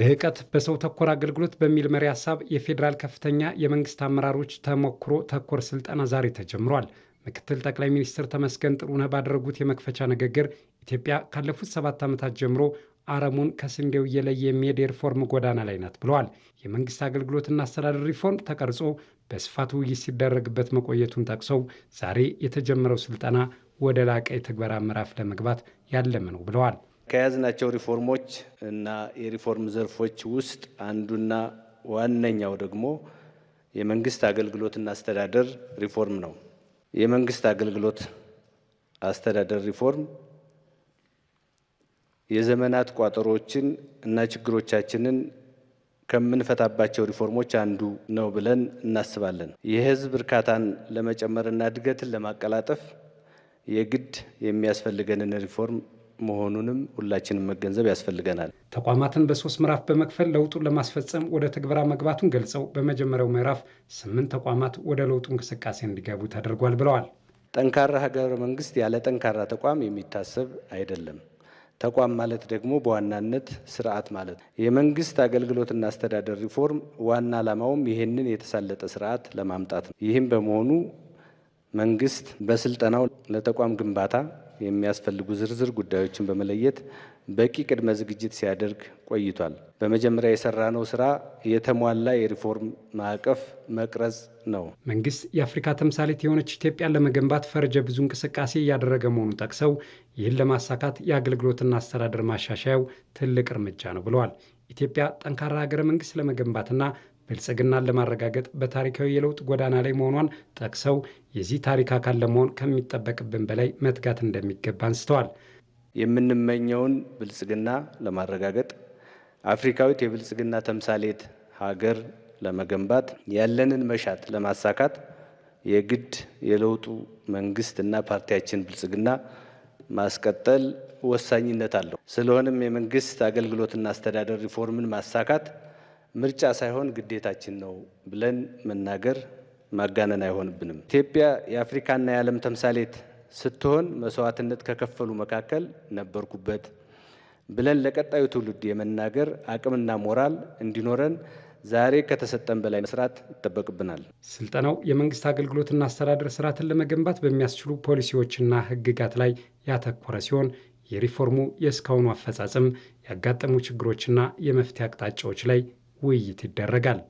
ልህቀት በሰው ተኮር አገልግሎት በሚል መሪ ሀሳብ የፌዴራል ከፍተኛ የመንግስት አመራሮች ተሞክሮ ተኮር ስልጠና ዛሬ ተጀምሯል። ምክትል ጠቅላይ ሚኒስትር ተመስገን ጥሩነህ ባደረጉት የመክፈቻ ንግግር ኢትዮጵያ ካለፉት ሰባት ዓመታት ጀምሮ አረሙን ከስንዴው እየለየ የሚሄድ የሪፎርም ጎዳና ላይ ናት ብለዋል። የመንግስት አገልግሎትና አስተዳደር ሪፎርም ተቀርጾ በስፋት ውይይት ሲደረግበት መቆየቱን ጠቅሰው ዛሬ የተጀመረው ስልጠና ወደ ላቀ የትግበራ ምዕራፍ ለመግባት ያለመ ነው ብለዋል። ከያዝናቸው ሪፎርሞች እና የሪፎርም ዘርፎች ውስጥ አንዱና ዋነኛው ደግሞ የመንግስት አገልግሎትና አስተዳደር ሪፎርም ነው። የመንግስት አገልግሎት አስተዳደር ሪፎርም የዘመናት ቋጠሮችን እና ችግሮቻችንን ከምንፈታባቸው ሪፎርሞች አንዱ ነው ብለን እናስባለን። የህዝብ እርካታን ለመጨመርና እድገትን ለማቀላጠፍ የግድ የሚያስፈልገንን ሪፎርም መሆኑንም ሁላችንም መገንዘብ ያስፈልገናል። ተቋማትን በሶስት ምዕራፍ በመክፈል ለውጡን ለማስፈጸም ወደ ትግበራ መግባቱን ገልጸው በመጀመሪያው ምዕራፍ ስምንት ተቋማት ወደ ለውጡ እንቅስቃሴ እንዲገቡ ተደርጓል ብለዋል። ጠንካራ ሀገረ መንግስት ያለ ጠንካራ ተቋም የሚታሰብ አይደለም። ተቋም ማለት ደግሞ በዋናነት ስርዓት ማለት ነው። የመንግስት አገልግሎትና አስተዳደር ሪፎርም ዋና ዓላማውም ይህንን የተሳለጠ ስርዓት ለማምጣት ነው። ይህም በመሆኑ መንግስት በስልጠናው ለተቋም ግንባታ የሚያስፈልጉ ዝርዝር ጉዳዮችን በመለየት በቂ ቅድመ ዝግጅት ሲያደርግ ቆይቷል። በመጀመሪያ የሰራነው ስራ የተሟላ የሪፎርም ማዕቀፍ መቅረጽ ነው። መንግስት የአፍሪካ ተምሳሌት የሆነች ኢትዮጵያን ለመገንባት ፈረጀ ብዙ እንቅስቃሴ እያደረገ መሆኑን ጠቅሰው ይህን ለማሳካት የአገልግሎትና አስተዳደር ማሻሻያው ትልቅ እርምጃ ነው ብለዋል። ኢትዮጵያ ጠንካራ ሀገረ መንግስት ለመገንባትና ብልጽግናን ለማረጋገጥ በታሪካዊ የለውጥ ጎዳና ላይ መሆኗን ጠቅሰው የዚህ ታሪክ አካል ለመሆን ከሚጠበቅብን በላይ መትጋት እንደሚገባ አንስተዋል። የምንመኘውን ብልጽግና ለማረጋገጥ አፍሪካዊት የብልጽግና ተምሳሌት ሀገር ለመገንባት ያለንን መሻት ለማሳካት የግድ የለውጡ መንግስት እና ፓርቲያችን ብልጽግና ማስቀጠል ወሳኝነት አለው። ስለሆነም የመንግስት አገልግሎትና አስተዳደር ሪፎርምን ማሳካት ምርጫ ሳይሆን ግዴታችን ነው ብለን መናገር ማጋነን አይሆንብንም። ኢትዮጵያ የአፍሪካና የዓለም ተምሳሌት ስትሆን መስዋዕትነት ከከፈሉ መካከል ነበርኩበት ብለን ለቀጣዩ ትውልድ የመናገር አቅምና ሞራል እንዲኖረን ዛሬ ከተሰጠን በላይ መስራት ይጠበቅብናል። ስልጠናው የመንግስት አገልግሎትና አስተዳደር ስርዓትን ለመገንባት በሚያስችሉ ፖሊሲዎችና ህግጋት ላይ ያተኮረ ሲሆን የሪፎርሙ የእስካሁኑ አፈጻጸም ያጋጠሙ ችግሮችና የመፍትሄ አቅጣጫዎች ላይ ውይይት ይደረጋል።